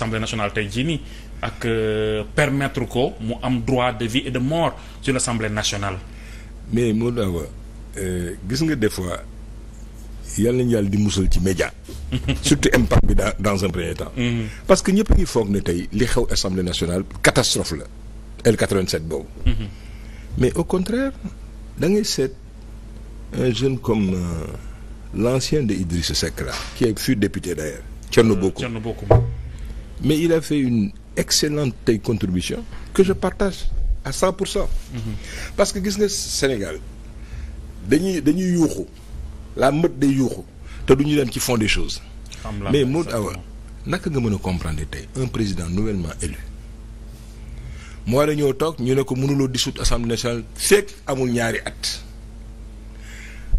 assemblée nationale tey jii nii ak euh, permettre ko mu am droit de vie et de mort sur l'assemblée nationale. mais moo daawa euh, gis nga des fois yàlla nañu yàlla di musal ci média. surtout impact bi dans un premier temps. Mm-hmm. parce que ñëpp a ngi foog ne tey li xew assemblée nationale catastrophe la L87 boobu. Mm-hmm. mais au contraire da ngay seet un jeune comme euh, l'ancien de Idrissa Seck là. qui fut député d'ailleurs. Thierno euh, Bocoum Thierno mais il a fait une excellente tey contribution que je partage à cent pour cent mm-hmm. parce que gis nga Sénégal dañuy dañuy yuuxu la mët day yuuxu te du dem ci fond des choses mais moo awa naka nga mën a comprendre tey un président nouvellement élu moo war a ñëw toog ñu ne ko mënuloo dissoudre assemblée nationale fekk amul ñaari at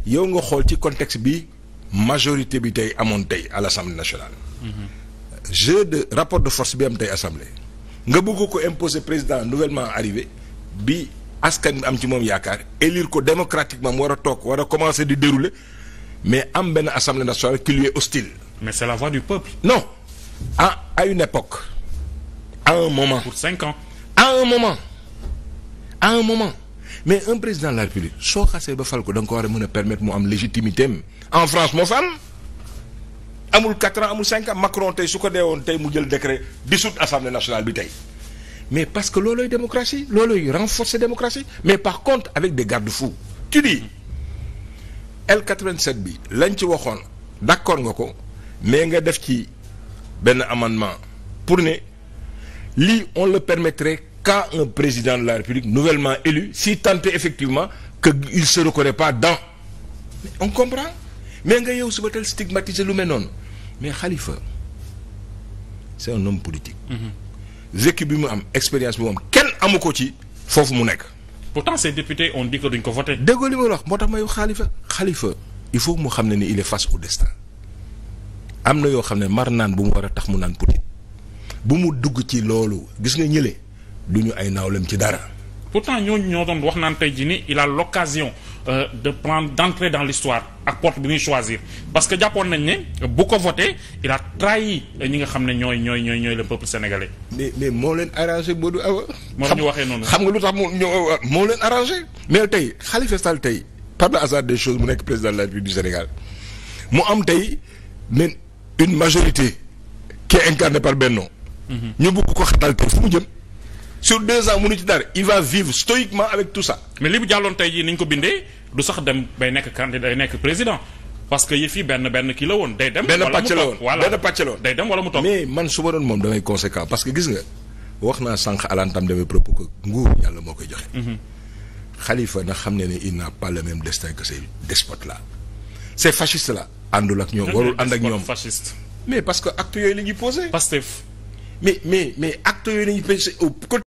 yow nga xool ci contexte bi majorité bi tey amoon tey à l' assemblée nationale mm-hmm. jeu de rapport de force bi am tey assemblée nga bëgg ko imposer président nouvellement arrivé bi askan bi am ci moom yaakaar élire ko démocratiquement mu war a toog war a commencer di dérouler mais am benn assemblée nationale qui lui est hostile. mais c'est la voix du peuple. non à une époque à un moment. pour cinq ans. à un moment à un moment mais un président de la République soo xasee ba fal ko dang ko war a mën a permettre mu am légitimité en France moo amul 4 ans amul 5 ans Macron tey su ko dee woon tey mu jël décret dissout assemblée nationale bi tey mais parce que loolooy démocratie loolooy renforcer démocratie mais par contre avec des garde-fous tu dis L87 bi lañ ci waxoon d'accord nga ko mais nga def ci benn amendement pour ne lii on le permettrait qu'à un président de la République nouvellement élu si tant effectivement que il se reconnaît pas dans mais on comprend mais nga yow suba tel stigmatiser lu mel noonu mais xalifa c'est un homme politique. Mhm. vécu bi mu am expérience bi mu am kenn amu ko ci foofu mu nekk. pourtant ces députés ont dit que duñ ko voté. déggoo li ma wax moo tax may Khalifa Khalifa il faut mu xam ne ni il est face au destin am na yoo xam ne mar naan bu mu war a tax mu naan politique bu mu dugg ci loolu gis nga ñële du ñu ay naawlem ci dara. pourtant ñooñu ñoo doon wax naan tey jii ni il a l'occasion euh, de prendre d'entrer dans l'histoire ak porte bi muy choisir parce que jàppoon nañ ne bu ko voté il a trahi ñi nga xam ne ñooy ñooy ñooy ñooy le peuple sénégalais. mais mais moo leen arrangé Bodo Awa. moo ñu waxee noonu xam nga lu tax moo moo leen arrangé. mais tey Khalifa Sall tey par le hasard des choses mu nekk président de la République du Sénégal mu am tey même une majorité qui est incarnée par Benno. Mhm. ñu bëgg ko xatal tey mu jëm. sur deux ans mënu ci dara il va vivre stoïquement avec tout ça. mais li bu jàlloon tey jii ni ñu ko bindee du sax dem bay nekk candidat day nekk président parce que yëf yi benn benn kii la woon. day dem wala mu toog mais man su doon moom damay conséquent parce que gis nga wax naa sànq à l'entame de mes que nguur yàlla moo koy joxe. Mhm. Khalifa na xam ne ne il n'a pas destin que ces despotes là ces fascistes là. àndul ak ñoom warul ànd ak ñoom